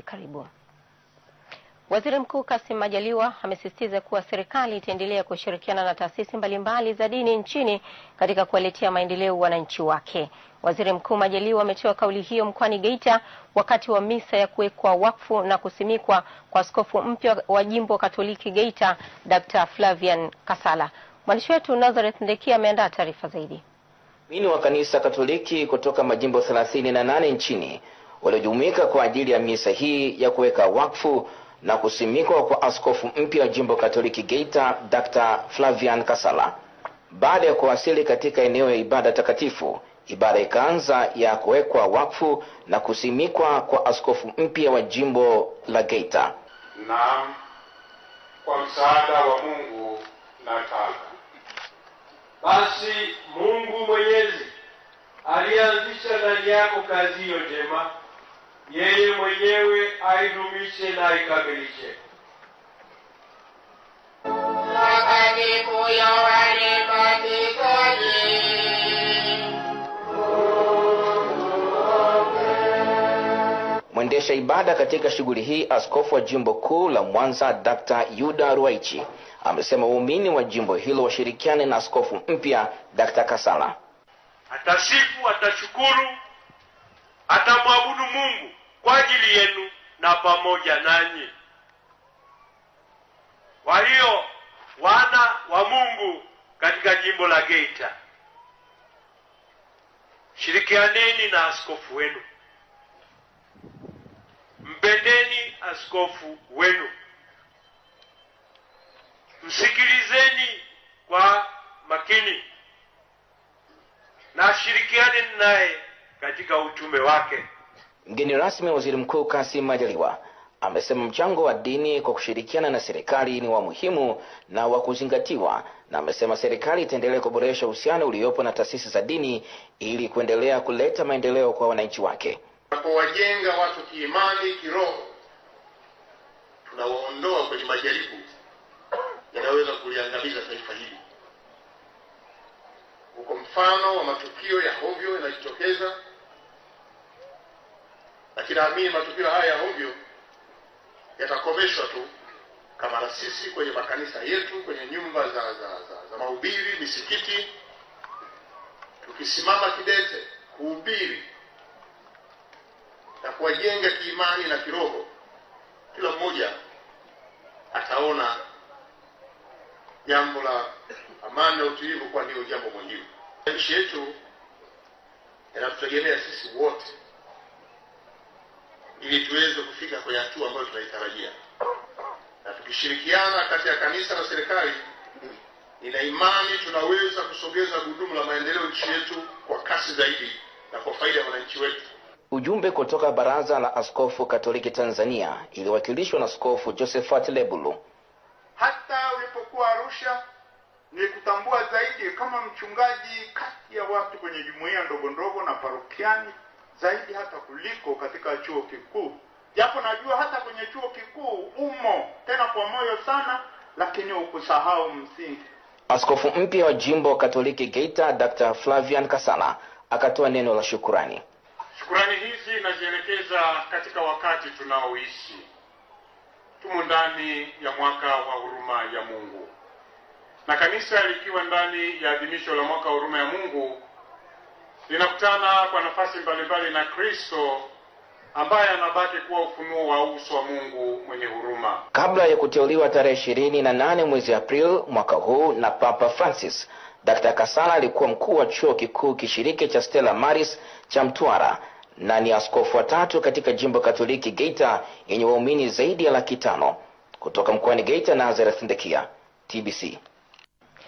Karibu. Waziri Mkuu Kassim Majaliwa amesisitiza kuwa serikali itaendelea kushirikiana na taasisi mbalimbali za dini nchini katika kuwaletea maendeleo wananchi wake. Waziri Mkuu Majaliwa ametoa kauli hiyo mkoani Geita wakati wa misa ya kuwekwa wakfu na kusimikwa kwa askofu mpya wa jimbo Katoliki Geita, Dr. Flavian Kasala. Mwandishi wetu Nazareth Ndekia ameandaa taarifa zaidi. Waamini wa kanisa Katoliki kutoka majimbo 38 nchini waliojumuika kwa ajili ya misa hii ya kuweka wakfu na kusimikwa kwa askofu mpya wa jimbo Katoliki Geita, Dr. Flavian Kasala. Baada ya kuwasili katika eneo ya ibada takatifu, ibada ikaanza ya kuwekwa wakfu na kusimikwa kwa askofu mpya wa jimbo la Geita. Naam, kwa msaada wa Mungu na nataka basi Mungu Mwenyezi alianzisha ndani yako kazi hiyo njema yeye mwenyewe aidumishe na aikamilishe. Mwendesha ibada katika shughuli hii, askofu wa jimbo kuu la Mwanza Dr. Yuda ruaichi amesema waumini wa jimbo hilo washirikiane na askofu mpya Dr. Kasala. Atasifu, atashukuru, atamwabudu Mungu kwa ajili yenu na pamoja nanyi. Kwa hiyo wana wa Mungu katika jimbo la Geita, shirikianeni na askofu wenu, mpendeni askofu wenu, msikilizeni kwa makini na shirikianeni naye katika utume wake. Mgeni rasmi waziri mkuu Kassim Majaliwa amesema mchango wa dini kwa kushirikiana na serikali ni wa muhimu na wa kuzingatiwa, na amesema serikali itaendelea kuboresha uhusiano uliopo na taasisi za dini ili kuendelea kuleta maendeleo kwa wananchi wake. Tunapowajenga watu kiimani, kiroho, tunawaondoa kwenye majaribu yanayoweza kuliangamiza taifa hili. Uko mfano wa matukio ya hovyo yanajitokeza lakini matukio haya ya ovyo yatakomeshwa tu kama na sisi kwenye makanisa yetu, kwenye nyumba za, za, za, za mahubiri, misikiti, tukisimama kidete kuhubiri na kuwajenga kiimani na kiroho, kila mmoja ataona jambo la amani na utulivu, kwa ndio jambo muhimu. Nchi yetu yanatutegemea sisi wote ili tuweze kufika kwenye hatua ambayo tunaitarajia. Na tukishirikiana kati ya kanisa na serikali, nina imani tunaweza kusogeza gudumu la maendeleo nchi yetu kwa kasi zaidi na kwa faida ya wananchi wetu. Ujumbe kutoka Baraza la Askofu Katoliki Tanzania iliwakilishwa na Askofu Josephat Lebulu. Hata ulipokuwa Arusha nilikutambua zaidi kama mchungaji kati ya watu kwenye jumuiya ndogo ndogo na parokiani zaidi hata kuliko katika chuo kikuu, japo najua hata kwenye chuo kikuu umo tena kwa moyo sana, lakini ukusahau msingi. Askofu mpya wa jimbo wa Katoliki Geita, Dr. Flavian Kasala akatoa neno la shukurani. Shukurani hizi nazielekeza katika wakati tunaoishi, tumo ndani ya mwaka wa huruma ya Mungu, na kanisa likiwa ndani ya adhimisho la mwaka wa huruma ya Mungu linakutana kwa nafasi mbalimbali na Kristo ambaye anabaki kuwa ufunuo wa uso wa Mungu mwenye huruma. Kabla ya kuteuliwa tarehe ishirini na nane mwezi Aprili mwaka huu na Papa Francis, Dr. Kasala alikuwa mkuu wa chuo kikuu kishiriki cha Stella Maris cha Mtwara na ni askofu wa tatu katika jimbo Katoliki Geita yenye waumini zaidi ya laki tano kutoka mkoani Geita. Nazareth Ndekia, TBC.